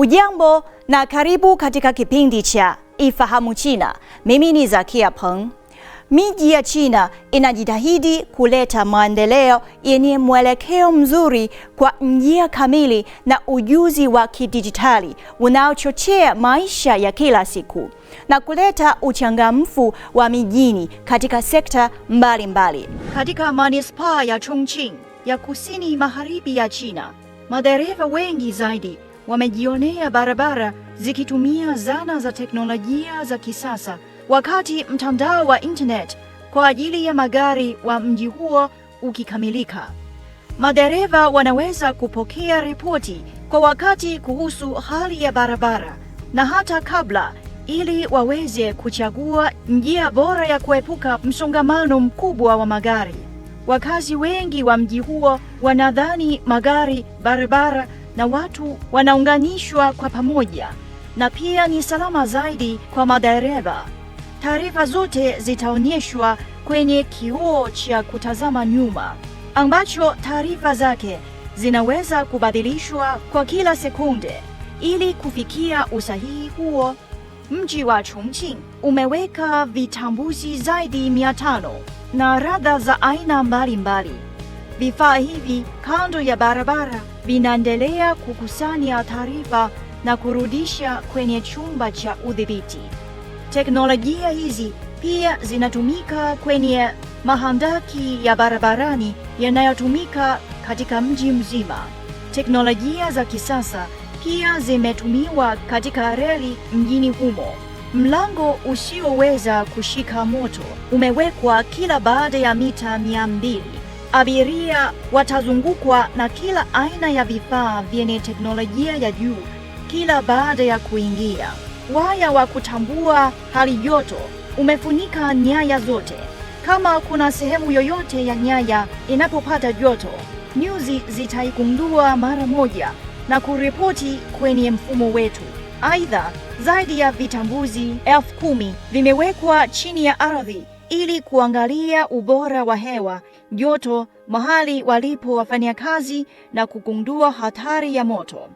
Ujambo na karibu katika kipindi cha Ifahamu China. Mimi ni Zakia Peng. Miji ya China inajitahidi kuleta maendeleo yenye mwelekeo mzuri kwa njia kamili na ujuzi wa kidijitali unaochochea maisha ya kila siku na kuleta uchangamfu wa mijini katika sekta mbalimbali mbali. Katika manispaa ya Chongqing ya kusini magharibi ya China, madereva wengi zaidi wamejionea barabara zikitumia zana za teknolojia za kisasa, wakati mtandao wa internet kwa ajili ya magari wa mji huo ukikamilika. Madereva wanaweza kupokea ripoti kwa wakati kuhusu hali ya barabara na hata kabla, ili waweze kuchagua njia bora ya kuepuka msongamano mkubwa wa magari. Wakazi wengi wa mji huo wanadhani magari barabara na watu wanaunganishwa kwa pamoja, na pia ni salama zaidi kwa madereva. Taarifa zote zitaonyeshwa kwenye kioo cha kutazama nyuma, ambacho taarifa zake zinaweza kubadilishwa kwa kila sekunde ili kufikia usahihi huo. Mji wa Chongqing umeweka vitambuzi zaidi mia tano na radha za aina mbalimbali mbali. Vifaa hivi kando ya barabara vinaendelea kukusanya taarifa na kurudisha kwenye chumba cha udhibiti. Teknolojia hizi pia zinatumika kwenye mahandaki ya barabarani yanayotumika katika mji mzima. Teknolojia za kisasa pia zimetumiwa katika reli mjini humo. Mlango usioweza kushika moto umewekwa kila baada ya mita mia mbili. Abiria watazungukwa na kila aina ya vifaa vyenye teknolojia ya juu kila baada ya kuingia. Waya wa kutambua hali joto umefunika nyaya zote. Kama kuna sehemu yoyote ya nyaya inapopata joto, nyuzi zitaigundua mara moja na kuripoti kwenye mfumo wetu. Aidha, zaidi ya vitambuzi elfu kumi vimewekwa chini ya ardhi ili kuangalia ubora wa hewa joto mahali walipo wafanya kazi na kugundua hatari ya moto.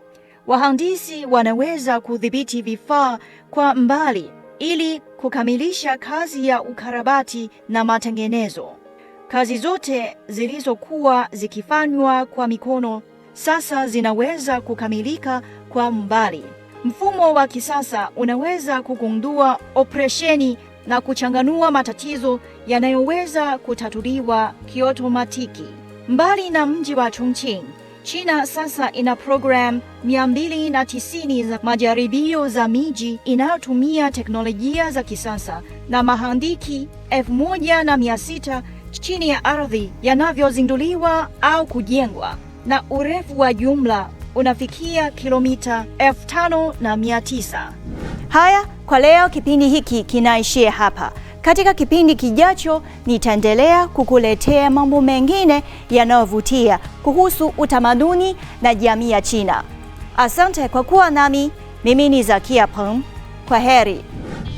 Wahandisi wanaweza kudhibiti vifaa kwa mbali ili kukamilisha kazi ya ukarabati na matengenezo. Kazi zote zilizokuwa zikifanywa kwa mikono sasa zinaweza kukamilika kwa mbali. Mfumo wa kisasa unaweza kugundua operesheni na kuchanganua matatizo yanayoweza kutatuliwa kiotomatiki. Mbali na mji wa Chongqing, China sasa ina programu 290 za majaribio za miji inayotumia teknolojia za kisasa na mahandiki 1600 chini ya ardhi yanavyozinduliwa au kujengwa na urefu wa jumla unafikia kilomita 5900. Haya kwa leo kipindi hiki kinaishia hapa. Katika kipindi kijacho nitaendelea kukuletea mambo mengine yanayovutia kuhusu utamaduni na jamii ya China. Asante kwa kuwa nami. Mimi ni Zakia Peng. Kwa heri.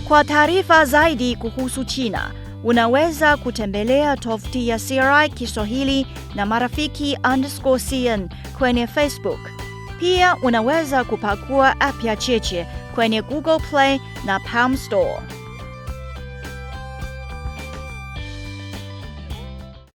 Kwa taarifa zaidi kuhusu China unaweza kutembelea tovuti ya CRI Kiswahili na marafiki underscore cn kwenye Facebook. Pia unaweza kupakua app ya Cheche kwenye Google Play na Palm Store.